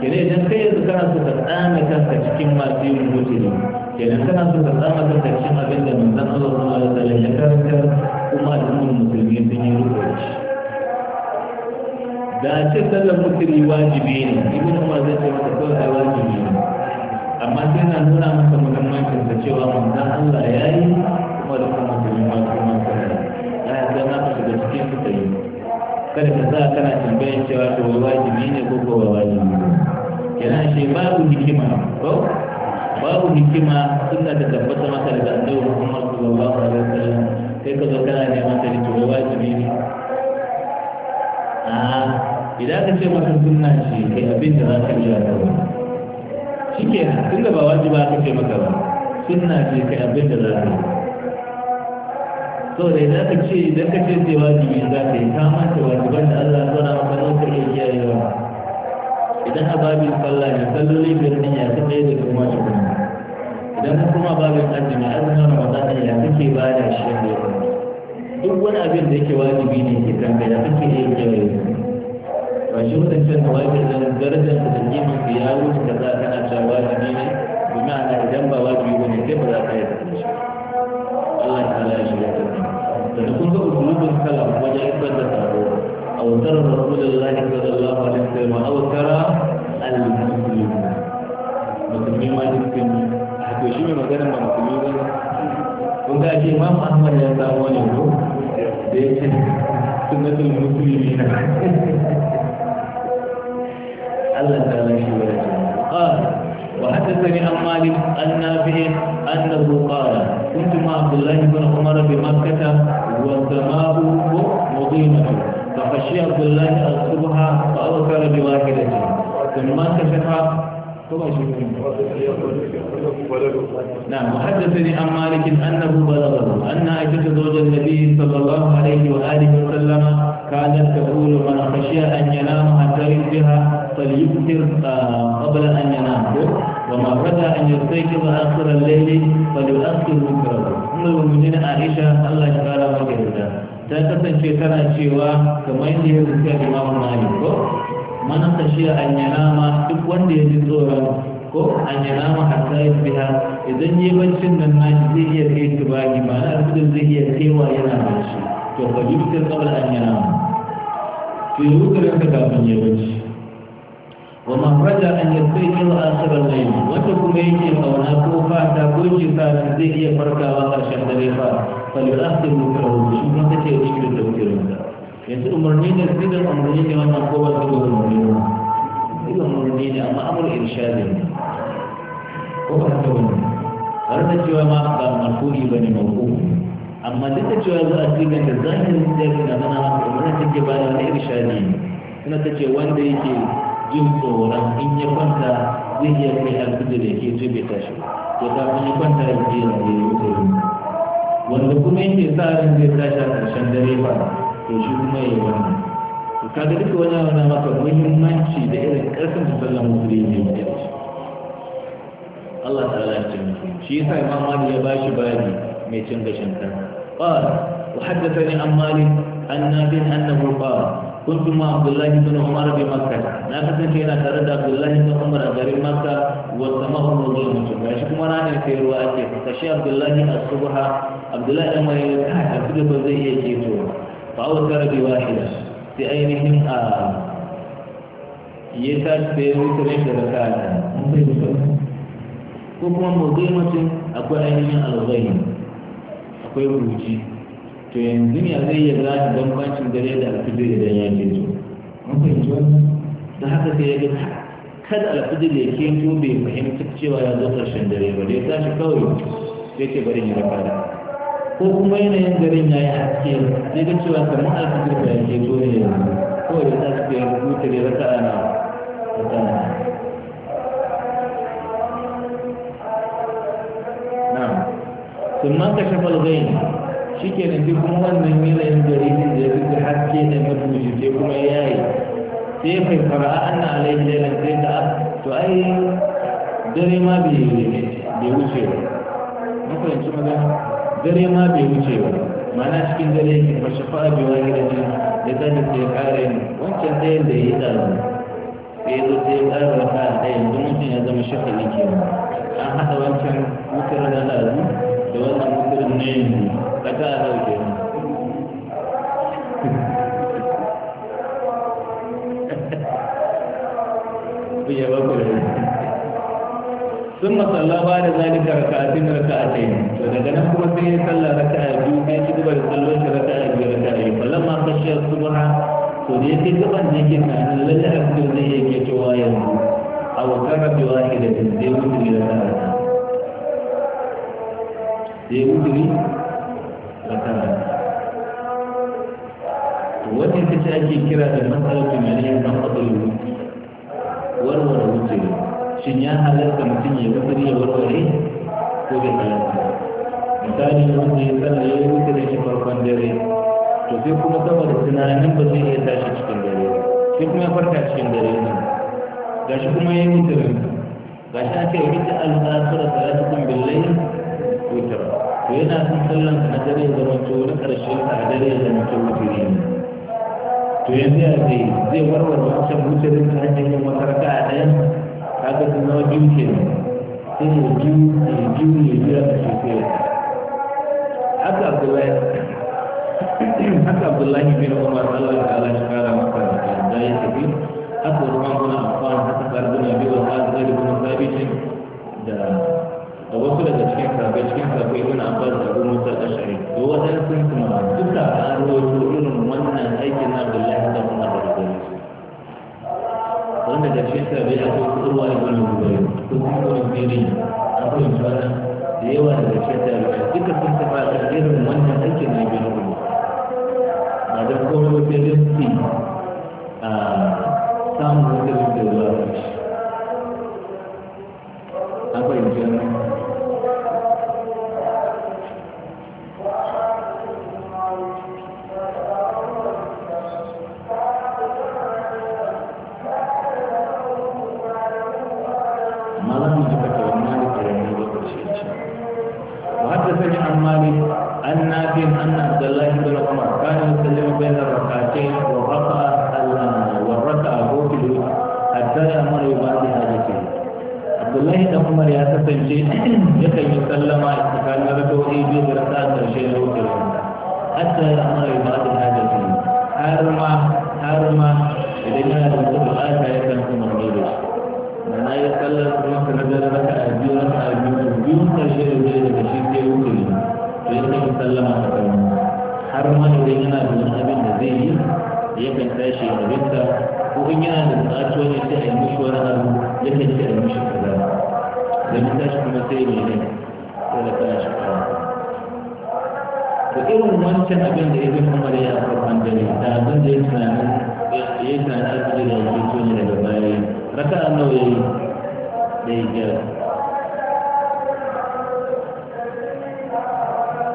kenan idan kai yanzu kana so ka tsame kanka cikin masu yin wuturi kenan kana so ka tsame kanka cikin abin da manzon allah sallallahu alaihi wasallam ya karanta kuma al'ummar musulmi sun yi rubutu da ce sallar wuturi wajibi ne ibn umar zai ce maka kawai wajibi ne amma sai na nuna masa muhimmancin da cewa manzan Allah ya yi kuma da kuma da yin masu kuma na ya sai na da cikin su yi kada ka sa kana tambayar cewa to wai wajibi ne ko kowa wajibi ne kenan shi babu hikima ko babu hikima suna da tabbata maka daga annabi Muhammad sallallahu alaihi wasallam ka zo kana neman ta to wai wajibi ne a idan ka ce maka sunna shi kai abin da za ka iya shi tun da ba wajen ba ce maka ba sun na ce kai abin da za su yi so da idan ka ce idan ka ce sai wajibi za ka yi ta manta wajiban da Allah zuwa maka za ka iya yawa idan a babin sallah ne salloli birnin ya ya kaɗai da kuma wajibi idan ka kuma babin azumi azumin ramadan ne ya kake ba da shi ne duk wani abin da yake wajibi ne ke kanka ya ke iya yawa ba shi wadancan da wajibi درجة تدريم في أول كذا كان جواز مين بمعنى جنب واجب يكون كيف لا الله تعالى يشهد تدخل قلوب الكلام وجاء إبادة أو ترى رسول الله صلى الله عليه وسلم أو ترى المسلم مسلمين ما يمكن حتى يشمي مثلا ما مسلمين كنت أشيء ما محمد يتعوني له ليس سنة المسلمين Allah ta lashi wa da qala wa hadathani an malik an nafi' annahu qala kuntu ma abdullah ibn umar bi makkah wa samahu mudinah fa khashiya abdullah ثم كشف نعم وحدثني عن مالك انه بلغه ان عائشه زوج النبي صلى الله عليه واله وسلم كانت تقول من خشي ان ينام حتى يصبح فليكثر قبل ان ينام وما رجا ان يستيقظ اخر الليل فليؤخر مكره ام المؤمنين عائشه الله تعالى وجهها ta kasance tana cewa kamar yadda ya rubuta imamu malik ko man shi an yanama duk wanda ya ji tsoron ko an yanama hatta ya biya idan yi baccin nan nashi zai iya kai shi baki ba na arzikin zai iya kaiwa yana bacci to ba yi fitar kabal an yanama to yi wutar ka kafin ya bacci wa mahraja an yasai kila asirar laili wata kuma yake kauna ko fata ko sa kisa zai iya farkawa ƙarshen dare fa falil asir a shi kuma take rikin da wukirinsa yanzu umarni ne zidan umarni ne wannan ko ba zidan umarni ne zidan umarni ne amma amur ne ko ba ta wani har da cewa ma ba mafuri ba ne mako amma duk da cewa za a zidan da zahirin da na zana maka umarni take ba da wani irshadi ne suna ta ce wanda yake jin tsoron in ya kwanta zai iya kai alfijir da ke ce bai tashi to ta ya kwanta ya je ya wanda kuma yake sa ran zai tashi a ƙarshen dare ba to shi kuma ya yi wannan to kaga duka wani abu na maka muhimmanci da irin ƙarfin da sallan musulunci ya yi Allah ta'ala ya ce mutum shi yasa imam Malik ya bashi bayani mai cin gashin kansa قال وحدثني عن مالك عن نافع انه قال كنت مع عبد الله بن عمر بمكه نافع كان ترد عبد الله بن عمر غير مكه والسماء مظلمه فايش كما راني في روايه فشي عبد الله الصبح عبد الله بن عمر يقول هذا زي يجي fa'autar bi wahida sai ainihin a ya tashi da ya wutarin da raka ta mun bai da ko kuma akwai ainihin alghayni akwai ruji to yanzu ne zai ya gane bambancin dare da alfijir idan ya ke zo fahimci wannan da haka sai ya ga kada alfijir ya ke zo bai fahimci cewa ya zo ƙarshen dare ba da ya tashi kawai sai ce bari da fara ko kuma yanayin garin ya yi haske ne ga cewa kamar alfajir ba yake ke ne yanzu kawai da tashi da yanzu rubuta ne raka ana raka na na'am sun man kashe ne shi ke nan duk kuma wannan yanayin gari ne da ya zuka haske da mafi ce kuma ya yi sai kai fara an na alaihi lailan sai da to ai dare ma bai wuce ba mafahimci magana dare ma bai wuce ba mana cikin dare ba shafa shafa'a bi wani rajin da zai da ya kare ni wancan ɗayan da ya yi ɗazu ya zo sai ya ƙara raka a ɗayan don mutum ya zama shafa'i ke an haɗa wancan mutum na ɗazu da wancan mutum na yanzu ta a ɗauke mu ثم صلى بعد ذلك ركعتين ركعتين فإذا كان هو فيه صلى ركعة جوبة كتب صلى ركعة ركعة فلما خشي الصبح صديقي كمان ذيك المعنى الذي أخذ ذيك يتوايا أو كان بواحدة ديوت لي ركعة ديوت لي ركعة وجه تشاكي كرا المسألة في أن ينقض الوجود والمرة وجه shin ya halatta mutum ya wuturi ya warware ko bai halatta misali wanda ya sana ya yi da shi farkon dare to sai kuma saboda tunanin ba zai iya tashi cikin dare sai kuma ya farka cikin dare ne ga shi kuma ya yi da ga shi ake yi ta al'asura salatukun billai wuturi to yana son sallan na dare ya zama to wani karshe a dare ya zama to wuturi ne to yanzu ya zai zai warware wancan wuturin ta hanyar yin wata raka'a ne biyu ne biyu ne biyu a shekaru haka abdullahi haka abdullahi bin umar allah ta'ala shi kara masa da ya tafi haka ruwan guna amfani haka karbin abi wa ta zai da kuma sabitin da a wasu daga cikin sabai cikin sabai ibn ba da abu musa da shari da wajen sun kuma duka an rawaito irin wannan aikin na abdullahi da umar da gari wanda da shi sabai ya zo kurwa ibn zubair ko kuma ibn a fahimta da yawa da ke da duka sun taɓa a irin wannan aikin na biyu ne ba da a samun wata da zuwa a da tana sha'awa to irin wancan abin da ibn umar ya farkon dare da abin da ya tunanin ya yi tunanin alfajir ya yi daga baya raka a nawa yayi da ya gyara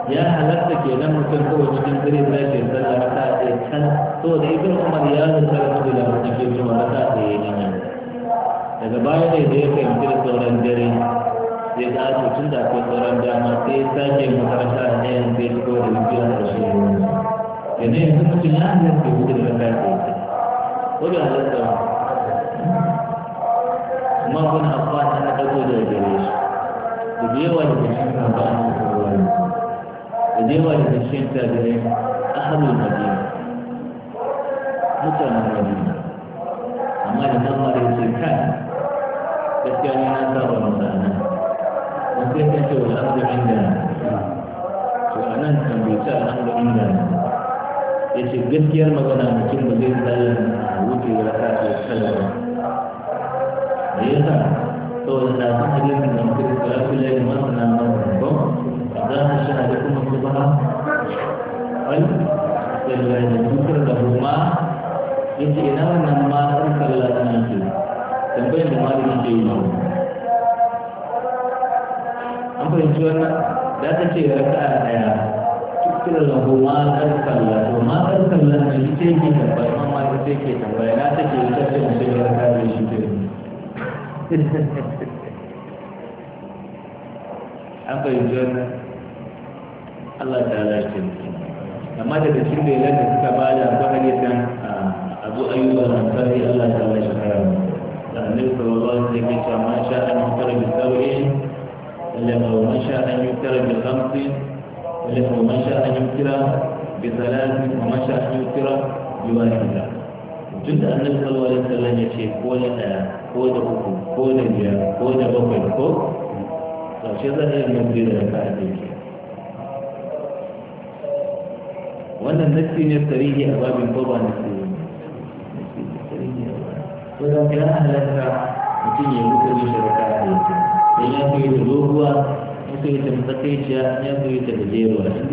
ya halatta ke nan mutum kawai cikin dare da ya sallah raka a ɗaya can to da ibn umar ya zata rasu da mutum ke zuwa raka a ɗaya ne daga baya ne da ya fahimci da sauran dare ya ga tun da akwai sauran dama sai sake makaranta na yanzu zai fito da biyu a ƙarshe yanzu yanzu mutum ya hanyar da wuce da raka da yake ko da halatta ba kuma kun abuwa ta na ɗago da gare shi da da yawa da cikin ba a nan kowa ne da da yawa da cikin ta gare ahalul madina mutanen madina amma da nan ma da yake kan gaskiya ne na saba mutanen sai ka ce wani abu inda to a nan kan bai ce alhamdu inda ya ce gaskiyar magana mutum ba zai tsaye a wuce ya ta ce sallah ba me yasa saboda na san hadisin da mutum ya fi laifin masu na masu ba za a shahada kuma su ba wani sallah ina ma yi an fahimci wannan za ta ce raka a ɗaya tuktura lahu ma ɗan kalla to ma ɗan kalla na shi ce ke tambaya ma ma ita ke tambaya na ta ke ita ce mace ya raka da shi ce an fahimci wannan Allah ta lafiya amma daga cikin dalilan da suka ba da kwanar yadda abu ayyuba na sarari Allah ta lafiya da annabi sallallahu alaihi wasallam ya ce ma sha'a man fara bi sauri له من شاء أن يبتلى بخمس له من شاء أن يبتلى بثلاث ومن شاء أن يبتلى بواحدة جد أن النبي صلى الله عليه وسلم يشهد هو ده هو أخو هو ده هو أخو هو فشيء ذا هي المنزلة الفائدة وأن النفس يفتريه أباب الفضاء نفسه ولو كان أهل الفاء يمكن يموت بشركاء هذه الجنة in ya so yi ta doguwa in so yi ta matsakaiciya ya so yi ta in dai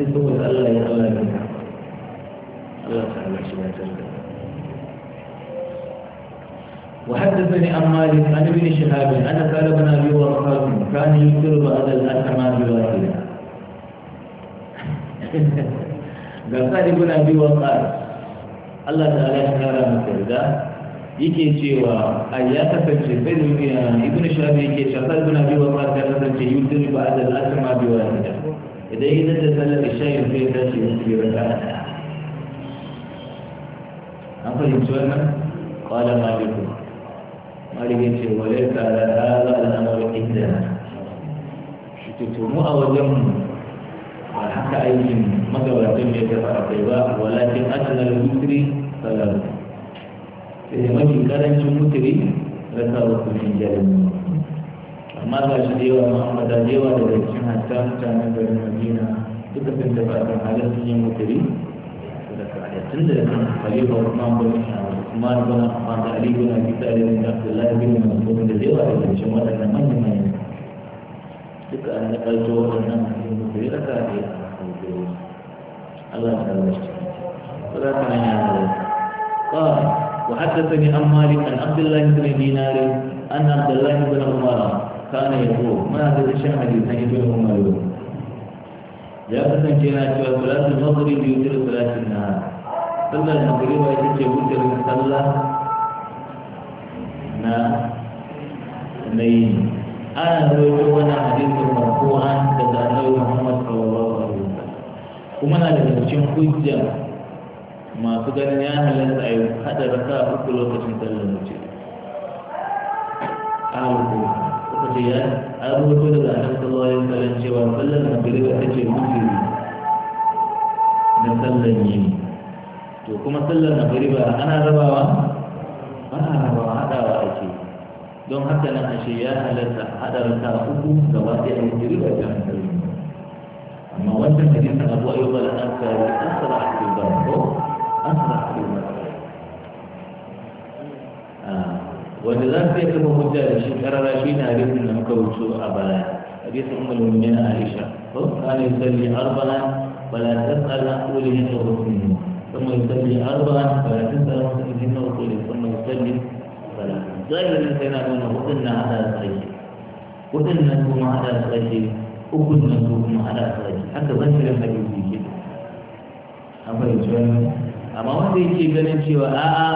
saboda Allah ya Allah ya Allah ta Allah shi ya da وحدثني عن مالك عن ابن شهاب ان قال ابن ابي وقاص كان يكثر بعد الاثمار بواحده ga sa'ad ibn abi waqas Allah ta'ala ya kara masa yake cewa a ya kasance sai da ibn shafi yake shafa ibn abi wa ta kasance yusuf ba da al'asma bi wa ta idan yi da sallar isha'i sai ya tashi ya ci raka an fahimci wannan qala maliku malik ya ce wala ta la hada al-amr inda shi to mu a wajen ba haka aikin magabatan ne ta fara kai ba walakin asnal musri salatu Eh, mafi karancin mutiri raka uku ne jarin amma ga shi da yawa ma'amata da yawa daga cikin hatta mutanen garin jina. duka sun tafi a kan halin sun yi mutiri tun da kan khalifa Usman bin Usman bin Affan da Ali bin Abi Talib bin Abdullah bin Mas'ud da yawa daga cikin waɗannan manyan manyan duka an da ƙarfi waɗannan mutiri raka ne Allah ya karɓa shi. Sadaka ne ya Allah. وحدثني عن مالك عن عبد الله بن دينار أن عبد الله بن عمر كان يقول ما هذا الشيء حديث عن ابن عمر ya kasance na cewa salatul maghrib yutir salatul nahar sallar maghrib ba ita ce wutar sallah na nayi ana rawaito wannan hadisin marfu'an daga annabi Muhammad sallallahu alaihi wasallam kuma na daga cikin hujja masu ganin ya halatta a yi haɗa raka uku lokacin sallar mace ahalku kuka ce ya an rubuto da annabi sallallahu alaihi wasallam cewa na sallar magriba take wuturi da sallar yini to kuma sallar magriba ana rabawa ana rabawa haɗawa ake don haka nan ashe ya halatta haɗa raka uku gaba ɗaya a wuturi ba ta hankali amma wannan hadisin abu ayyuba da aka yi asara a cikin asra ah, kalma wanda za su iya kama hujja da shi karara shi ne hadisin da muka wuce a baya hadisin ummul mu'minin Aisha ko kana yusalli arba'an wala tas'al an qulihin wa hukmihi ثم يصلي أربعا فلا تنسى مسلمين وقوله ثم يصلي فلا ظاهر الإنسان أنه وقلنا على الخير وقلنا لكم على الخير وقلنا لكم على الخير حتى ظاهر الحديث كده أما يجوز amma wanda yake ganin cewa a'a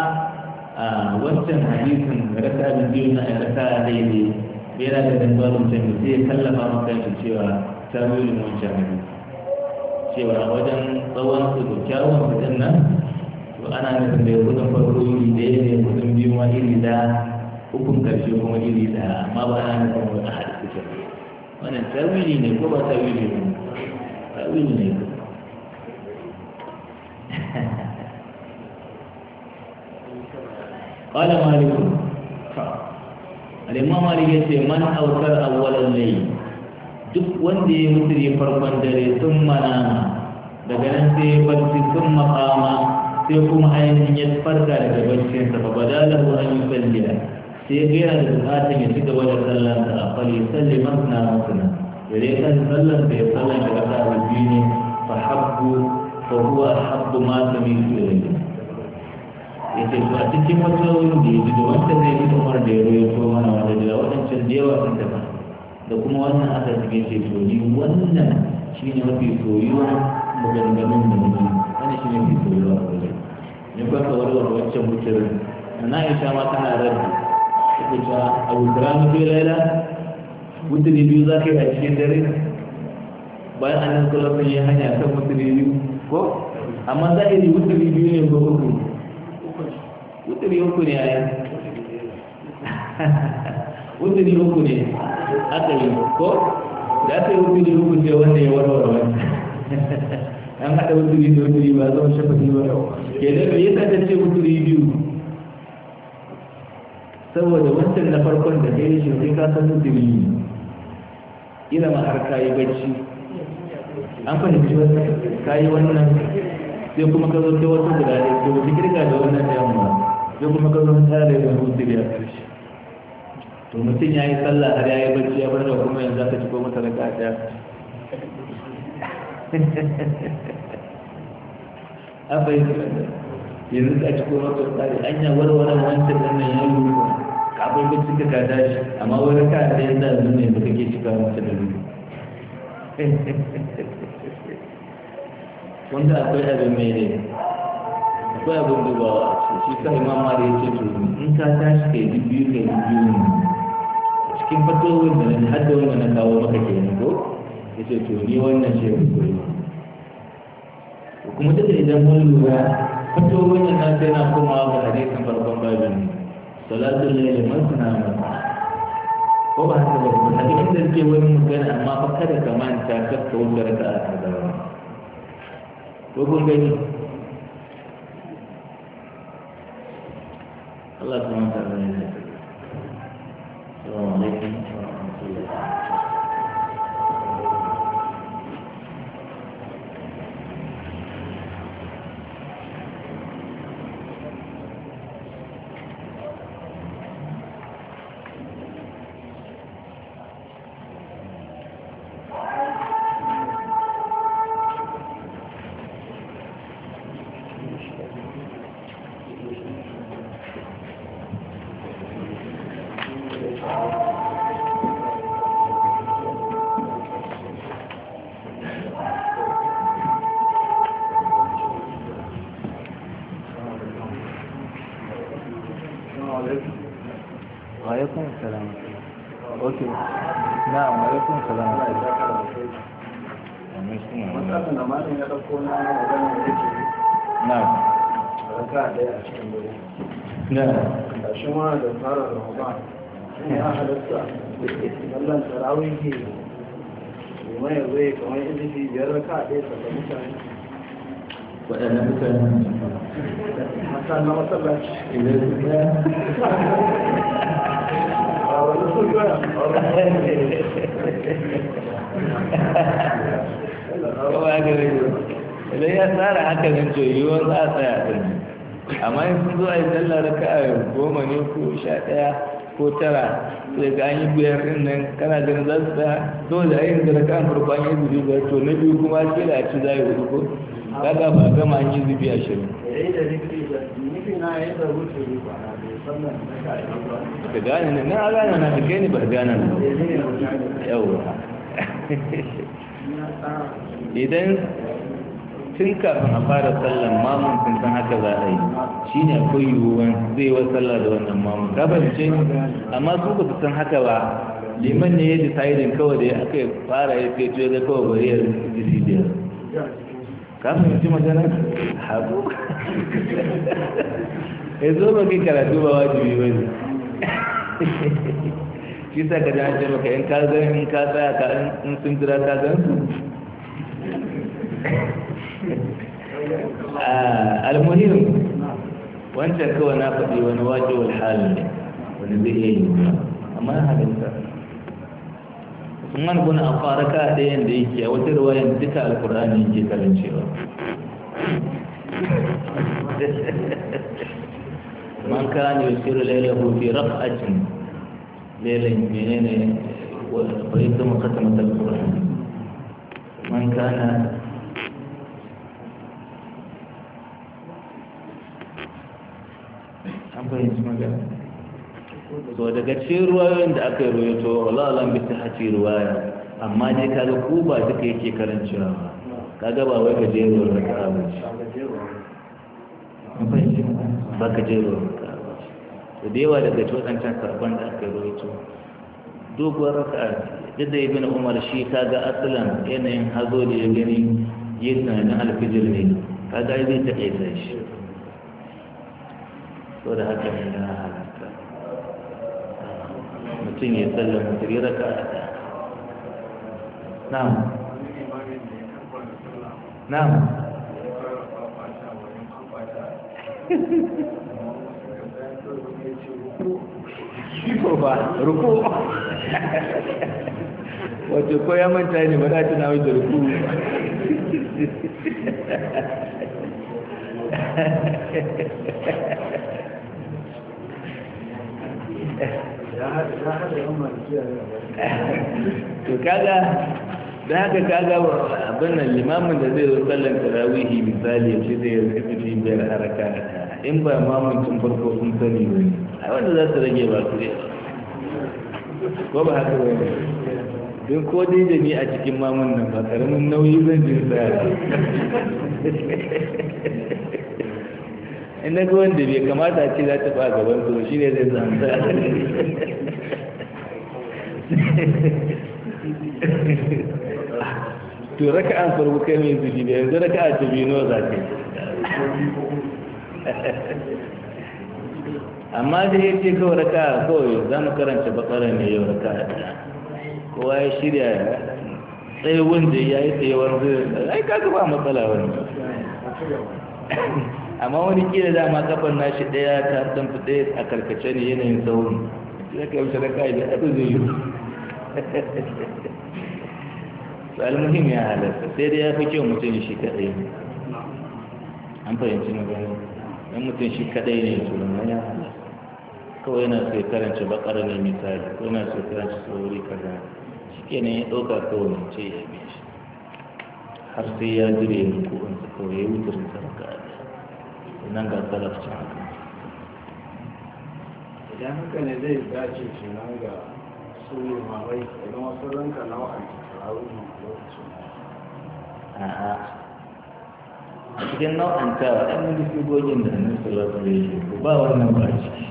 a wancan hadisin rasa abin biyu na a rasa daidai yana da dangalin can da sai kallafa maka shi cewa tawilin wancan hadisi cewa wajen tsawon su da kyawun mutum nan to ana nufin da ya kudin farko iri da ya ne kudin biyu ma iri da hukun karshe kuma iri da amma ba ana nufin wani a hadisi ce wannan tawili ne ko ba tawili ne tawili ne [LAUGHS] qala malik al-imam malik yace man awtar awwalan duk wanda ya mutune farkon dare sun mana daga nan sai barci sun makama sai kuma ainihin ya farka daga barcin sa fa badala hu an yusalliya sai ga yana da bukatun ya ci gaba da sallar da a fali salli masna masna dare kan sallar da ya sallar da kasa biyu ne fa habbu fa huwa habbu ma sami su ilayhi ya zuwa a cikin wata wuri da ya da wata zai ji kamar da ya roya ko mana wanda da wadancan da yawa kan tafa da kuma wannan aka suke ce to wannan shi ne mafi soyuwa maganganun da mutum wani shi ne mafi soyuwa a wajen ne ba ka wani wancan mutum na isha ma tana rabi ta ce abu kura mafi laila ne biyu za ka yi a cikin dare bayan an yi kula sun yi hanya kan ne biyu ko amma za a yi mutane biyu ne ko uku wuturi uku ne a yi wuturi uku ne aka yi ko da ta yi wuturi uku ce wanda ya warware wani an haɗa wuturi da wuturi ba zama shafafi ba ke da me yasa ta ce yi biyu saboda wancan na farkon da ta yi shi sai ka san wuturi ina ma har ka yi bacci an fahimci wasu ka yi wannan sai kuma ka zo ta wata guda ne to wata da wannan yamma sai kuma ka zama tare da da ya karshe to mutum ya yi sallah har ya yi bacci ya bar da kuma yanzu aka ciko masa [LAUGHS] da kaɗa an fahimta yanzu ka ciko masa tsari an yi warware wancan ɗan ya yi kafin ka bacci ka kada amma wani ka da yanzu a zuwa yanzu kake cika masa da rubu [LAUGHS] wanda akwai abin mai ne akwai abin dubawa a cikin shi ka imam mali ya ce to in ka tashi ka yi biyu ka yi biyu ne cikin fatowar da na hadda wanda na kawo maka kenan ko ya ce to ni wannan shi ya koyi kuma duka idan mun lura fatowar da na sai na komawa ga hadisin farkon babin ne salatun laili masana masana ko ba haka ba a cikin da ke wani magana amma fa kada ka manta kakka wuce raka'a ta gaba ko kun gani Allah subhanahu wa ta'ala ya Assalamualaikum warahmatullahi wabarakatuh alaikum wa alaikum salam ok na'am wa alaikum salam na'am na'am shi ma da fara ramadan shi ya halatta sallan tarawih ne mai zai kamar izifi biyar raka ɗaya sallan mutane waɗanda mutane sannan masallaci idan su ya idan ya tsara haka nan to yiwuwar za a tsaya ɗin amma in sun zo a yi sallar ka a goma ne ko sha ɗaya ko tara sai ga an yi biyar ɗin nan kana ganin za su tsaya dole a yin da raka an farko an yi biyu to na biyu kuma kila a ci za a yi hudu ko kaga ba gama an yi zubi shirin. ka gane na na gane na ka gane ba ka gane na yawa idan tun kafin a fara sallan mamun sun san haka za a yi shi ne akwai yiwuwan zai wa sallah da wannan mamun gabance amma su ku su san haka ba liman ne ya ji sa'irin kawai da ya aka fara ya ce to ya ga kawai bari ya rufe da ka fahimci magana haku ya zo ba kai karatu ba wajibi ba ne shi sa ka jance maka in ka zan in ka tsaya ka in sun jira ka zan su almuhim wancan kawai na faɗi wani wajen hali ne wani zai iya yi amma halitta man wani a fara ka ɗayan da yake a wata ruwayan duka alkur'ani yake karancewa man kana yusiru lailahu fi raf'atin lailan menene wa yadda khatama alkur'ani man kana an fahimci magana so daga cikin ruwayoyin da aka yi to wala alam bi ta haci ruwaya amma dai kaga ku ba duka yake karancewa ba ga ba wai ka ruwa da ka abu ce ba ruwa da ka abu ce da yawa daga cikin waɗancan karɓar da aka yi to doguwar raka duk da bin umar shi ka ga asalan yanayin hazo da ya gani yin tunanin alfijir ne kaga zai taƙaita shi so da haka ne na halatta mutum ya sallar mutum ya raka a ɗaya na'am na'am ruku. Wato ko ya manta ne ba za ta nawa ruku. Yeah. [LAUGHS] to kaga da haka kaga abin nan limamin da zai zo sallan tarawihi misali yace zai rike fiti biyar haraka in ba mamuncin farko sun sani ba a wanda za su rage ba su ko ba haka ba don ko dai da ni a cikin mamun nan ba karamin nauyi zan jin sa in na wanda bai kamata ce za ta fa gaban to shi ne zai zanta to raka an farko kai mai zuci da yanzu raka a tabi nawa za ta amma da ya ce kawai raka kawai za mu karanta bakara ne yau raka a kowa ya shirya tsaye wanda ya yi tsayewar zai ai kaga ba matsala wani amma wani kila dama kafan nashi daya ta dan fide a karkace ne yanayin saurin sai ka wuce da kai da abu zai yi to almuhim ya halatta sai dai ya fi kyau mutum shi kadai ne an fahimci na gani dan mutum shi kadai ne to nan ya halatta kawai yana so ya karanta bakara ne misali ko yana so ya karanta sauri kaza shikenan ya dauka kawai ce ya bi shi har sai ya jire ko ruku wanda kawai ya wutar da raka'a nan ga talabcin haka idan haka ne zai dace shi nan ga su mamai idan wasu ranka na wa'anci a lokacin a cikin nau'an ta ɗan wani figogin da nan su rasu ba wannan ba ciki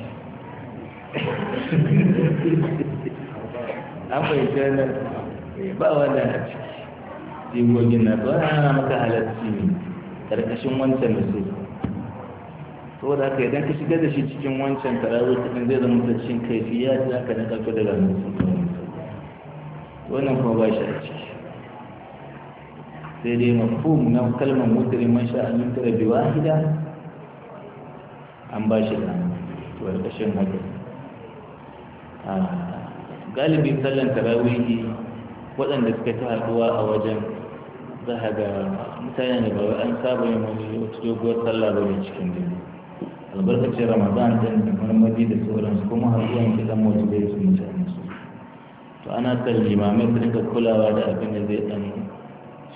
[LAUGHS] an bai nan eh, ba wannan a ciki figogin na ba na maka halarci ne ƙarƙashin wancan da su saboda haka idan ka shiga da shi cikin wancan tarawih cikin zai zama da cikin kaifiya da aka na sun kawo nan wannan kuma ba shi a ciki sai dai mafum na kalmar mutri man sha a an biyu a gida an ba shi da to a ƙarshen haka galibin sallan tarawih waɗanda suka ta haɗuwa a wajen za ga mutane ba an saba yin wani wata doguwar sallah ba ne cikin dare albarkacin ramadan din da marmari da sauransu kuma har zuwa muke bai su mutane su to ana kan limamai su dinga kulawa da abin da zai dan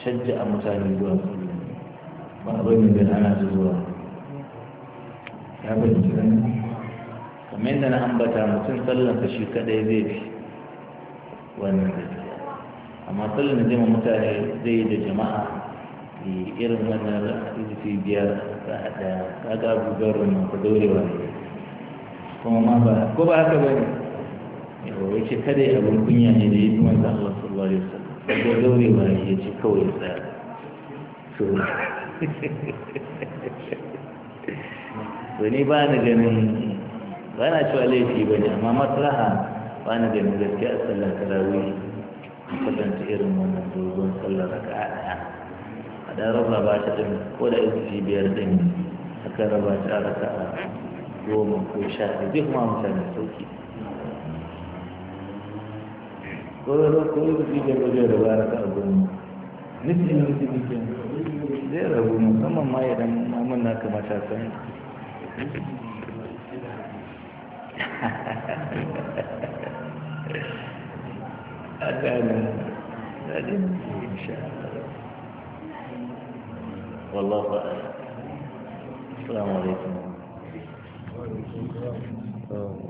shajja a mutane zuwa ba abin da zai ana su zuwa ya bai ne kamar yadda na ambata mutum sallan shi kadai zai fi wannan gaskiya amma sallan da zai mutane zai yi da jama'a irin wannan izifi biyar za a ɗaya kaga abubuwan rumun ku daurewa ne kuma ma ba ko ba haka ba ne kada ya ce kada abin kunya ne da ya fi wanda Allah sallallahu alaihi wasallam ko daurewa ba ya ce kawai tsaya to [LAUGHS] to ni ba na ganin ba na cewa laifi ba ne amma maslaha ba na ganin gaskiya sallar tarawih kasance irin wannan dogon sallar raka'a ɗaya a ɗan rarraba ta din ko da izufi biyar din aka raba ta raka a goma ko sha ɗaya zai kuma mutane sauki ko da ko izufi biyar ko da raba raka a goma nufin nufin nufin zai rabu musamman ma ya ɗan mamun na ta sani [LAUGHS] a gane da ɗin insha والله أعلم السلام عليكم